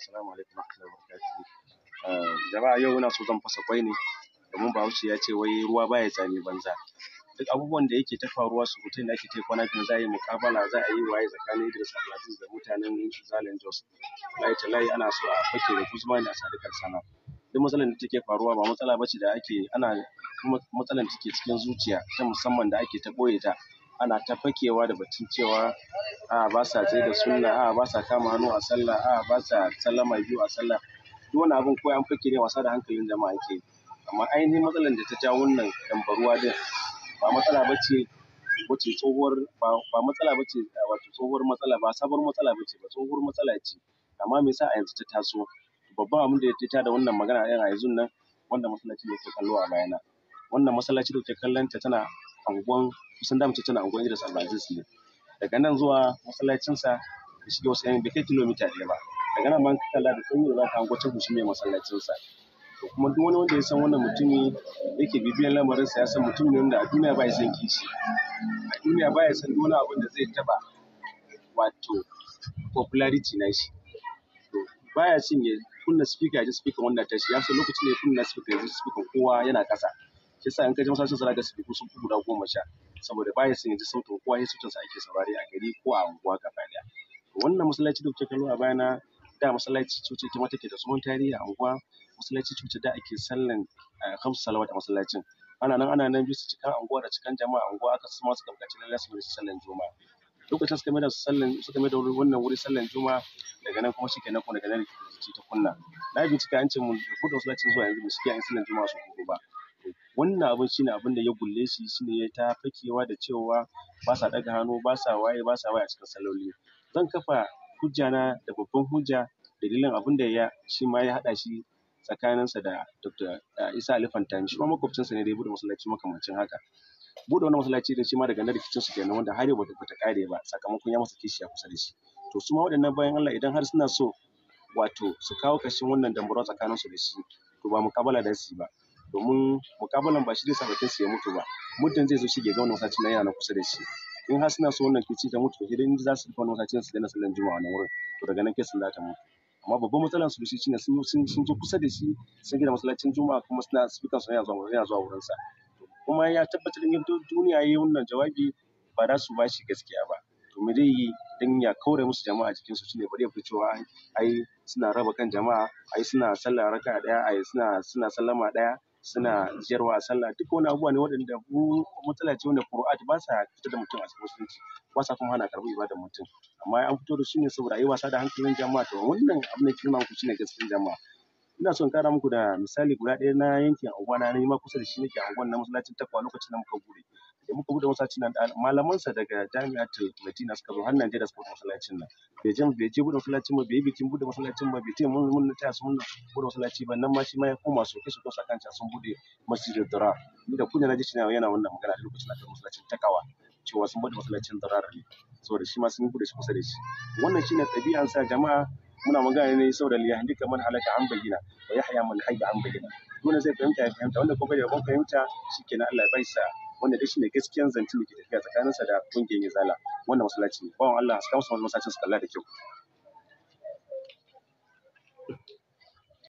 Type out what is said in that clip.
Assalamu alaikum warahmatullahi eh, Jama'a yau ina so zan fasa ƙwai ne domin Bahaushe ya ce wai ruwa baya tsami banza. Duk abubuwan da yake ta faruwa surutun da ake ta kwana biyu za a yi muƙabala za a yi waye tsakanin Idris Abdulaziz da mutanen Zalan Jos. Wallahi tallahi ana so a fake da Guzman a sadukar sana. Duk matsalar da take faruwa ba matsala ce da ake ana matsalar da take cikin zuciya ta musamman da ake ta ɓoye ta. ana ta fakewa da batun cewa a ba sa tsaye da sunna a ba sa kama hannu a sallah a ba sa sallama biyu a sallah duk wani abin ko an fake ne wasa da hankalin jama'a ke amma ainihin matsalar da ta jawo wannan dambaruwa din ba matsala ba ce wace tsohuwar ba matsala ba ce wato tsohuwar matsala ba sabuwar matsala ba ce ba tsohuwar matsala ce amma me yasa a yanzu ta taso babban abin da ya fita da wannan magana a yanzu nan wanda masallaci ne ke kallo a bayana wannan masallaci da take kallon ta tana anguwan kusan da mace tana anguwan Idris Abdulaziz ne daga nan zuwa masallacinsa ya shiga wasu yan bai kilomita ɗaya ba daga nan ma kalla da kanyi za ka hango ta gushi mai masallacinsa to kuma duk wani wanda ya san wannan mutumi yake bibiyan lamarinsa ya san mutum ne wanda a duniya ba ya san kishi a duniya ba ya san wani abin da zai taɓa wato popularity na shi baya cin ya kunna speaker ya ji speaker wannan tashi ya san lokacin da ya kunna speaker ya ji speaker kowa yana ƙasa shi sa in ka je masallacin sa zaka su sun fi guda goma sha saboda baya son ya sautin kowa ya sautin sa ake saurari a gari ko a unguwa gaba daya wannan masallaci da kuke kallo a bayana da masallaci coci ita ma take da sunan tarihi a unguwa masallaci coci da ake sallan eh, kamsu salawat a masallacin ana nan ana nan bisa cikin unguwa da cikin jama'a unguwa, aka su ma suka buƙaci lallai su mai sallan juma'a lokacin suka mai da sallan suka mai da wannan wuri sallan juma'a daga nan kuma shi kenan kuma daga nan rikici ta kunna na bincika an ce mun da masallacin zuwa yanzu ba su iya an sallan juma'a su ba wannan abun shine abun da ya gulle shi shine ya ta fakewa da cewa ba sa ɗaga hannu ba sa waye ba sa waye a cikin salloli zan kafa hujjana da babban hujja dalilin abun da ya shi ma ya haɗa shi tsakaninsa da Dr. Isa Ali Fantami shi ma sa ne da ya buɗe masallaci makamancin haka buɗe wani masallaci da shi ma daga nan rikicin su kenan wanda har yau bata bata ƙare ba sakamakon ya masa kishi a kusa da shi to su ma waɗannan bayan Allah idan har suna so wato su kawo ƙarshen wannan tsakanin su da shi to ba muƙabala da su ba domin mukabalan ba shi zai sa su ya mutu ba muddin zai zo shi ke ga wannan masallacin nan yana na kusa da shi in har suna so wannan kici ta mutu to idan za su fara wannan masallacin su daina sallan juma'a wannan wurin to daga nan kai sun lata mutu amma babban matsalar su shine sun sun sun je kusa da shi sun gina masallacin juma'a kuma suna speaker sun yana zuwa yana zuwa wurin sa kuma ya tabbatar in duniya yayi wannan jawabi ba za su bashi gaskiya ba to me zai yi dan ya kaure musu jama'a cikin su shine bari ya fi cewa ai suna raba kan jama'a ai suna sallah raka daya ai suna suna sallama daya suna ciyarwa a sallah duk wani abubuwa ne waɗanda mu matsala ce wanda furu'at ba sa fitar da mutum a musulunci ba sa kuma hana karɓar ibadar mutum amma an fito da shi ne saboda a yi wasa da hankalin jama'a to wannan abin da kirma ku shine gaskiyar jama'a ina son ƙara muku da misali guda ɗaya na yankin anguwa na ma kusa da shi nake anguwan nan masallacin takwa lokacin da muka buɗe da muka buɗe masallacin nan malamansa daga jami'atul madina suka zo har najeriya suka buɗe masallacin nan bai je bai je buɗe masallacin ba bai yi bikin buɗe masallacin ba bai ce mun mun taya su mun buɗe masallaci ba nan ma shi ma ya koma su kai su dosa sun buɗe masjidul dara ni da kunya naji cewa yana wannan magana da lokacin da masallacin takawa cewa sun buɗe masallacin dara ne saboda shi ma sun buɗe shi kusa da shi wannan shine ɗabi'an sa jama'a muna magana ne saboda liyahdika man halaka an bayyana wa yahya man hayya an bayyana dole zai fahimta ya fahimta wanda kuma bai da fahimta shikenan Allah ya bai sa wanda shi shine gaskiyan zancen da ke tafiya tsakaninsa da kungiyar izala wannan masallaci ne bawan Allah su kawo masallacin su kalla da kyau